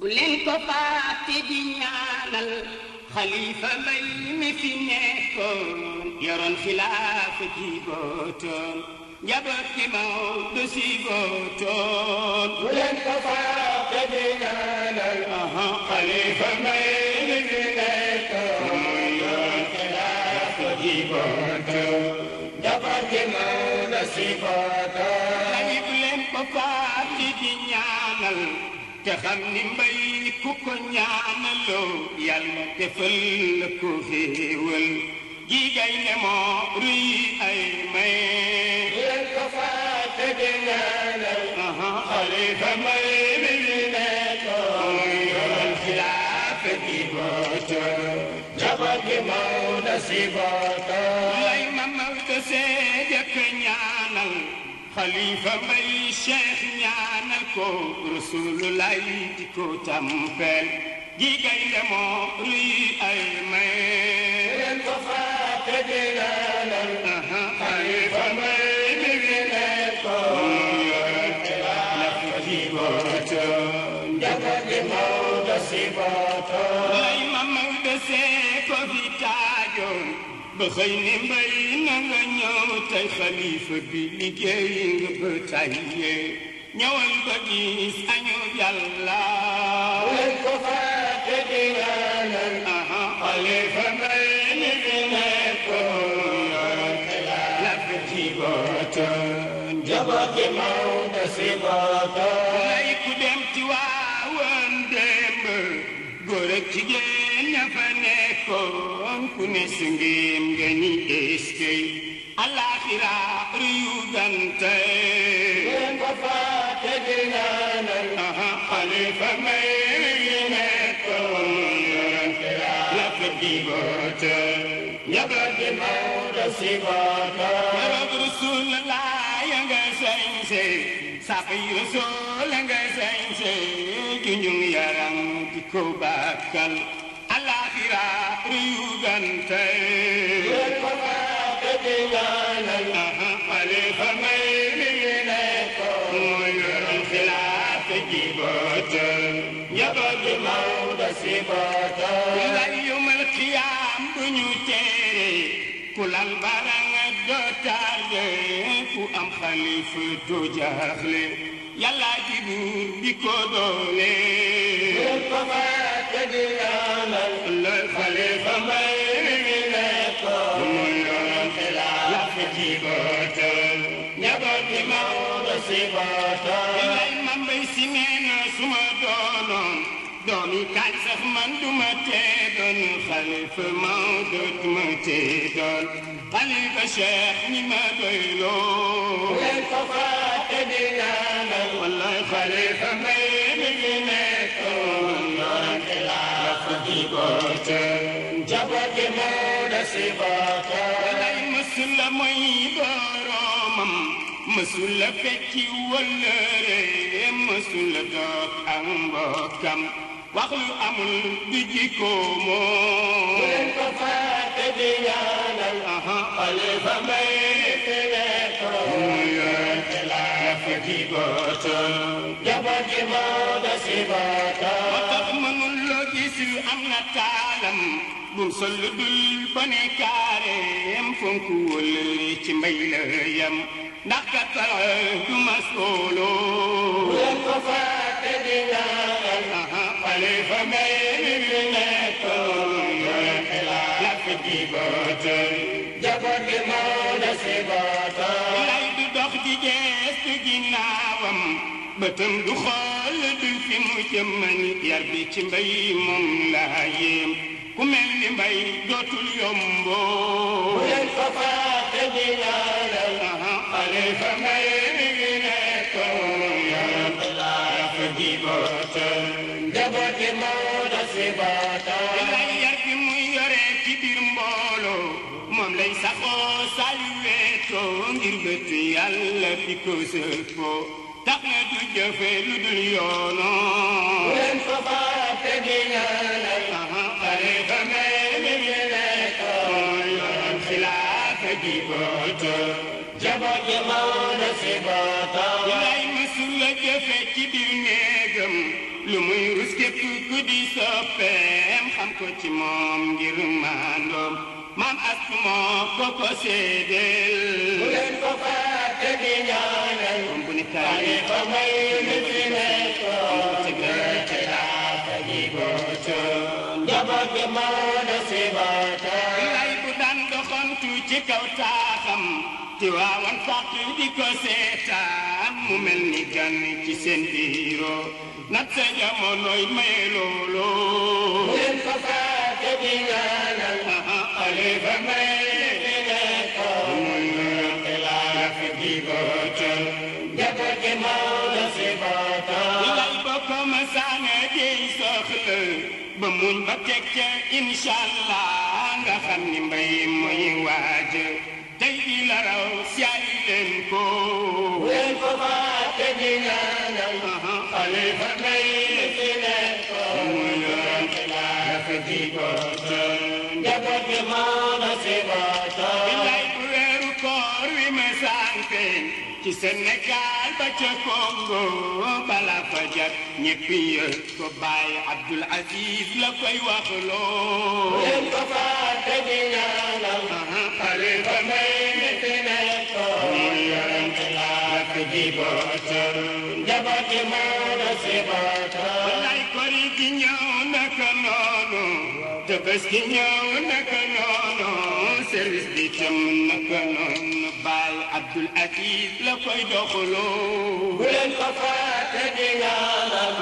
bu leen ko fàtte di ñaanal xalifa mbay mi fi nekkoon yoroon xilaafa ji bootoon njaboot gi Maodo si bootoon bu leen ko fàtte di ñaanal xalifa mbay mi fi nekkoon yoroon xilaafa ji bootoon njaboot gi Maodo si bootoon bu leen ko fàtte di ñaanal te xam ni mbay ku ko ñaanaloo yàlla defal la ko xéewal gi gay ne moo ruy ay may leen ko faate di ñaanal xalifa may bi bi ne ko yoral xilaafa gi booto jabar gi maw na si booto xalifa bay cheikh ñaanal ko rasululay di ko tàmpeel gi gay demoo ay may ko fàtte di laalal xalifa bay bi bi leen ko yonte la fi ji booto njaboot gi Maodo si booto بخير بينه نيو تاي خليفه بي نگیي jigéen ña fa nekkoon ku ne si ngéem nga ñu gis kay alaxira yu gante ngeen ko fa te di ñaanal xalifa may yi nekkoon yorante la fa di boote njaboot gi Maodo si boote njaboot Rasulullah la nga sañse sax yu soo la nga sañse ki ñun yaram di ko bàkkal alaxira yu gante ko fa dëgg ñaanal xalifa may mi ngi ne ko moo yoroon xilaaf ji bootal njaboot bi Maodo si bootal lay yumal xiyaam bu ñu teere ku lal baranga doo tarde am xalifa tu jaaxle yàlla ji buur bi ko doole ko fa tëdd ñaanal le xalifa may mi nekko mooy yoon xilaafa ji bootal njaboot bi Maodo si bootal دومي كايزخ مندو متيدون خليف مودود متيدون خليف شيخ نيما دويلو وين تدينا والله خلف ميم جنيتون نوران كلاف ديبوتون جبوك مودا سيباكا والله مسلم ويبارومم مسلا فيكي ولا ريم مسلا دوك أمبوكم waxum amul du jikko moo. bu leen ko fàtte di ñaanal. xalifa mbay fi nekk. mu yor xilaafa ji bootam. jabar ji Maodo si bootam. moo tax mënul loo gis am na taalam. bum sol dul ba ne kaareem fonk ci mbay la yam. ndax kat du ma solo. bu leen bëtam du xool dul fi mu jëm man yar bi ci mbay moom laa yéem ku mel ni mbay dootul yomboo. bu leen fa fàtte di ñaanal xale fa mbay. yëkkati yàlla di ko sëfoo tax na du jëfe lu dul yoonoo leen fa fàtte di ñaanal xalifa mel mi nekkoon yoon xilaafa gi booto jaboot yi Maodo si booto lay mësul la jëfe ci biir néegam lu muy rus képp ku di soppeem xam ko ci moom ngir maandoom maam astu moo ko ko seedeel bu ko fàtte di ñaanal bu ni taale ba may ni fi nekkoon ci gerte daata ji góor njaboot gi moo da si baata lay bu daan doxantu ci kaw taaxam te waawan fàq di ko seetaan mu mel ni gan ci seen biiro nat sa jamonoy maye looloo ba muñ ba teg ca inshallah nga xam ni mbay mooy waaj tey di la raw siyaay leen ko leen ko fàtte di ñaanal xalifa mbay fi nekkoon muy yoon la fa di ko sanke ci Sénégal ba ca Congo bala fajar ñépp yëg ko Baye Abdoul Aziz la koy wax leen ko fàtte di ñaanal xale ba may metti nekk mooy yonent laa di bootal njaboot yi moo na si bootal gi ñëw naka noonu te bés gi ñëw naka noonu service bi tam naka noonu Abdul Aziz la koy doxolo bu leen ko fàtte di ñaanal.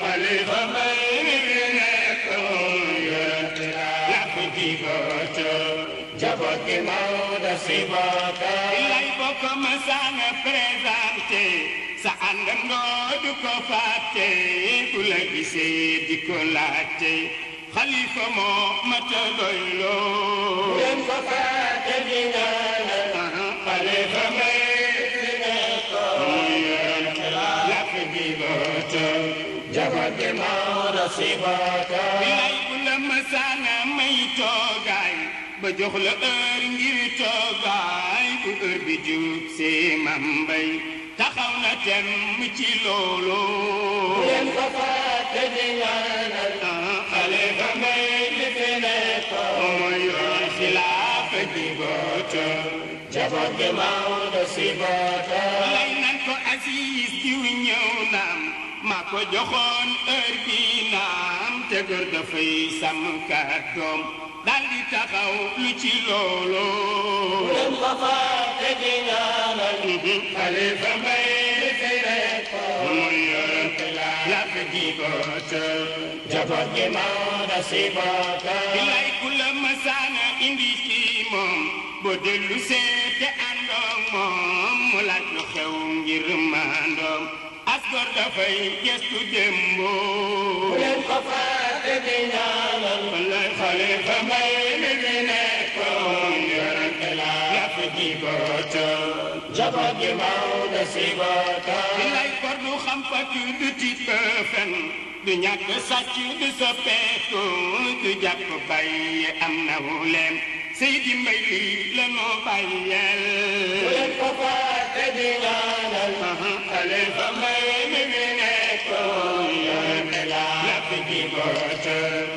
xalifa may mi fi nekkoon yorante ko to baato. jaboot gi Maodo si baata. lay bokk ma sànq présenté sa àndandoo du ko fàtte ku la gisee di ko laajte. xalifa moo mata doy loo ngeen ko fàtte di ñaanal xalifa may fi nekkoon muy yéen lakk bi bata jabate Maodo si bata bilay bu la masaana may toogaay ba jox la heure ngir toogaay bu heure bi jub si mam bay taxaw na tem ci loolu ngeen ko fàtte di ñaanal sibaata jabar ja Maodo sibaata lan nan ko Aziz diw ñëw naam maa ko joxoon heure bi naam te góor dafay sàmm kàddoom daal di taxaw lu ci looloo. jabar gi Maodo si bokka bilay ku la masaana indi ci moom boo dellu see te àndoog moom mu laaj lu xew ngir maandoom asgor dafay gestu démboo bu leen ko fàtte di ñaanal wallaay xalifa mbay mi fi jabar gi Maodo si bata. lay gor du xam fakk du tiit ba fen du ñàkk sàcc du soppeeku du jàpp bàyyi am na wu leen Seydi Mbay lii la noo bàyyeel. bu leen ko fàtte di ñaanal. Xalifa Mbay mi fi nekkoon. yaa ngi la. la fi ji bota.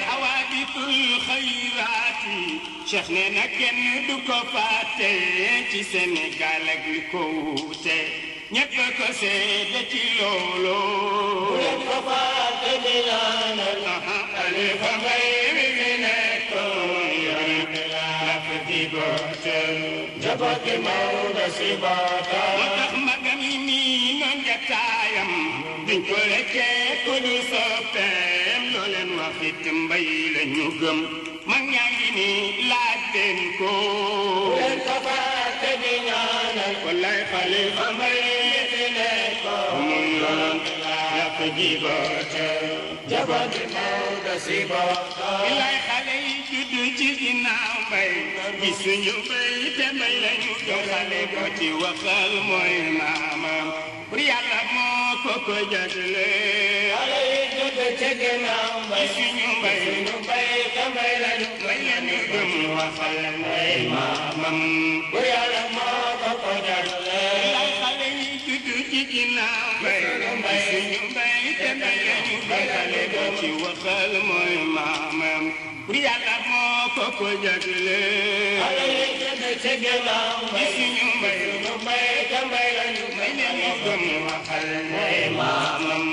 ce ne na kenn du ko fàtte ci Sénégal ak li ko wuute ñépp ko seede ci loolu bu leen ko fàtte di ñaanal xalifa mbay mi fi nekkoon yor xilaf di bootal jabati Maodo si bootal moo tax magam yi nii noon jataayam duñ ko rekkee ku du soppeem loo leen wax it mbay mag ñaa ngi nii laaj leen ko. leen ko fàtte di ñaanal. walaay xalifa mbay mi fi nekkoon. mu noon yàq ji boote. jabar bi Maodo si boote. ilaay xale yi juddu ci ginnaaw mbay. gisuñu mbay te mbay lañu doon xale ko ci waxal mooy maamam. yàlla moo ko ko jagle xale yi judd ci ginnaaw mbay suñu waxal mbay maamam bu yàlla moo ko ko jagle xale yi judd ci ginnaaw mbay mbay waxal mooy maamam yàlla moo ko ko jagleel. ala yéen jënd ci gannaaw mbay. ci ñu mbay ñu mbay ka mbay la ñu mbay ne ñu gëm waxal ne maamam.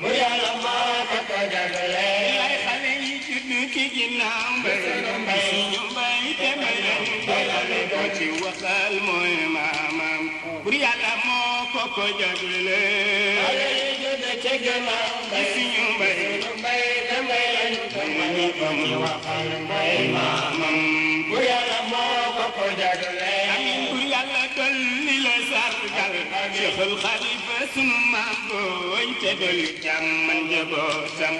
bu yàlla moo ko ko jagleel. lay xale yi juddu ci ginnaaw mbay. mbay ñu mbay te mbay la ñu mbay la ñu ko ci waxal mooy maamam. bu yàlla moo ko ko jagleel. Seexul Xalifa sunu maam booy te dolli jàmm njabootam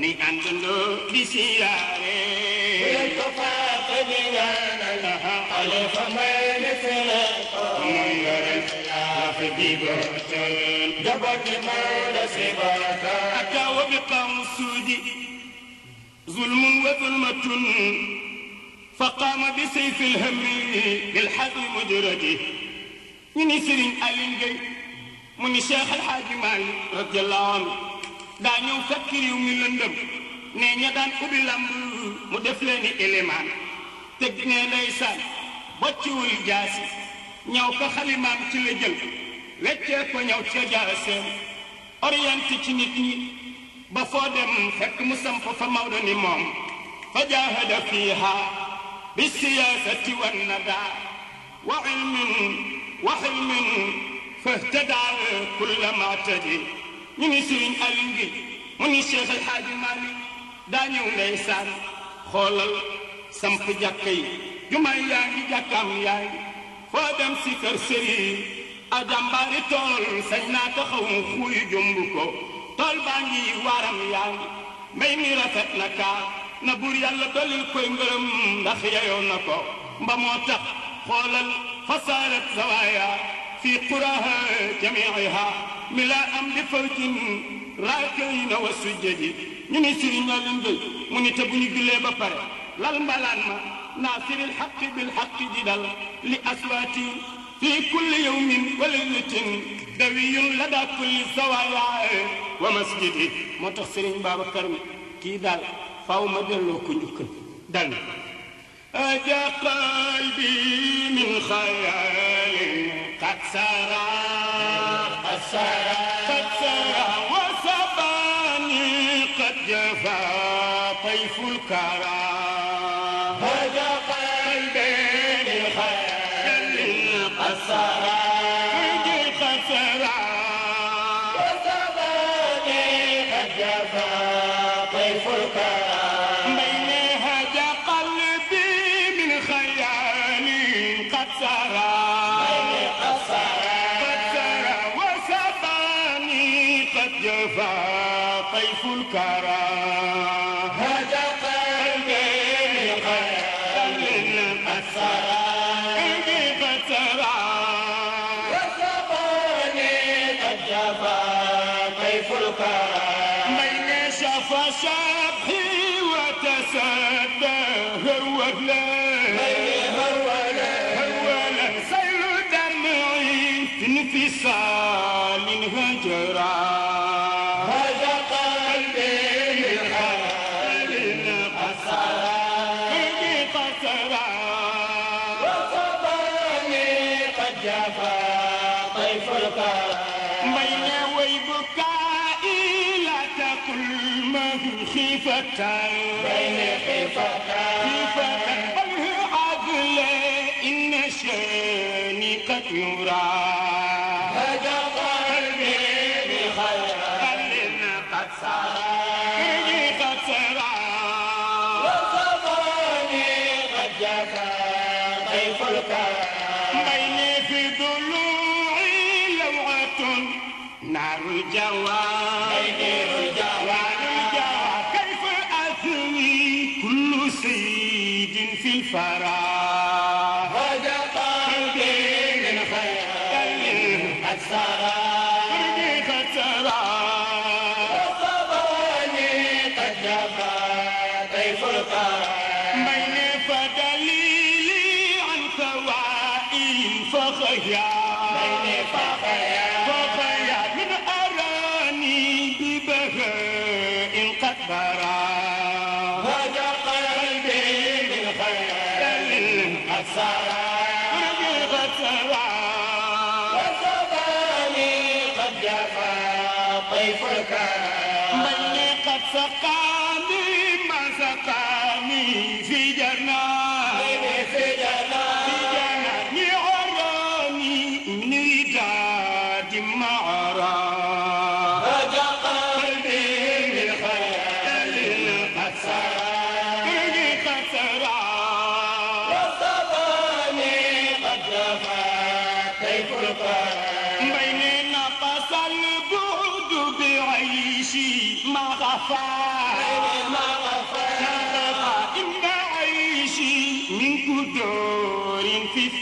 ni àndandoo di siyaare. bu leen ko fàtte di ñaanal. Xalifa may defe na ko. حبيبتان دبك مولى سباكان أتى وبقى السود ظلم وظلمة فقام بسيف الهم بالحد مجرده من سرين ألين جي من شيخ الحاج مالي رضي الله عنه daa ñëw fekk réew mi lëndëm ne ña daan ubbi lamb mu def leen i élément teg ne ndeysaan bocciwul jaasi ñaw ko xalimaam ci la jël weccee ko ñëw ca jaaseem orienté ci nit ñi ba foo dem mu samp fa Maodo ni moom fa jaahada fiiha bi siyaasati wan nada wa ilmin wa xilmin fahtadaa kulla maatadi ñu ni Sëriñ Aliw mu ni Cheikh El Hadj Malick daa xoolal samp jàkka yi jumaa ngi jàkkaam yaay foo si kër a jàmbaari tool sañ naa taxaw xuy jomb ko tool baa ngi waaram yaa ngi mbay mi rafet na kaa na buur yàlla dolil koy ngërëm ndax yeyoo na ko mba moo tax xoolal fasaarat zawaaya fii quraha jamiiha mi laa am li fawjin raakayna wa sujjadi ñu ni siriñ mu ni te bu ñu jullee ba pare lal mbalaan ma naasiril xaqi bil xaqi ji dal li aswaati في كل يوم وليلة دوي لدى كل سوايا ومسجد moo سيرين بابا كرم كي دال فاو ما دلو ko دال أجا قلبي من خيال قد سرى قد سرى قد سرى وسباني قد جفا طيف الكرام وسباني قد جفا طيف الكرام بين خفقا خفقا الهرعب لا إن شاني قد يرى هدى قلبي بخير قلبنا قد سرى قد في ضلوعي لوعة نار الجوار فرا هذا قلبي من خير قد طيفك من قد سقاني ما سقاني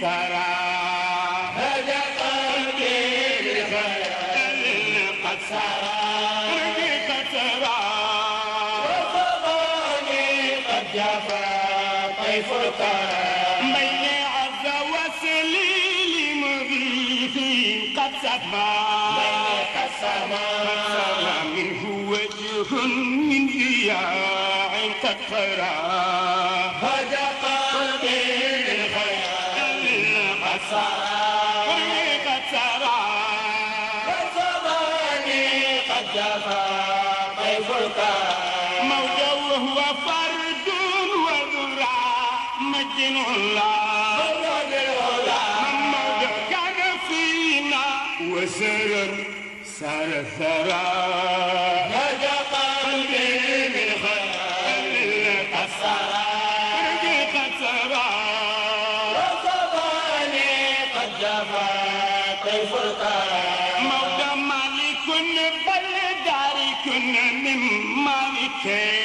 سرى قلبي لخير قد سرى قد سرى طيف الثرى من عز وسليل مضيف قد سفى قد سما منه وجه من ضياع قد فرى هدى العلا من فينا وسرر سار ثرى نجا قلبي من خلال القصرى رقيقة سرى وصباني قد جفا طيف القرى موضى مالك بل دارك من مالك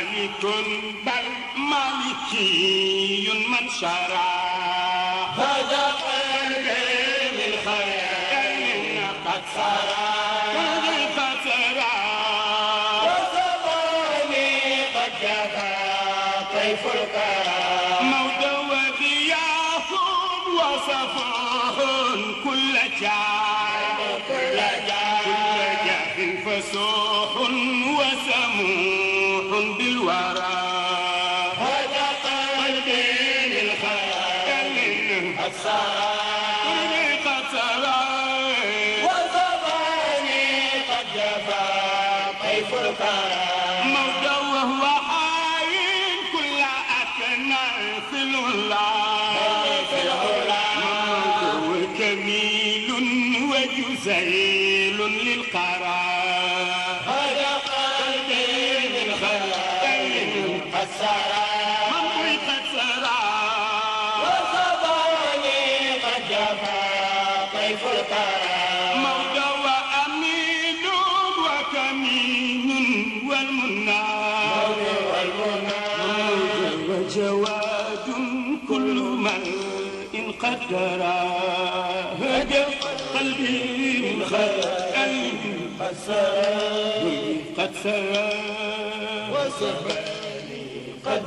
مالك بل مالكي من شرع هذا قلبي من خير قد سرى قد سرى وسطاني قد طيف الكرى موت وصف كل جاه كل جاه كل جاه المنى وجواد كل من إن قدر هدف قلبي من خير قد سرى قد سرى وسبني قد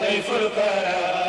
طيف الكرام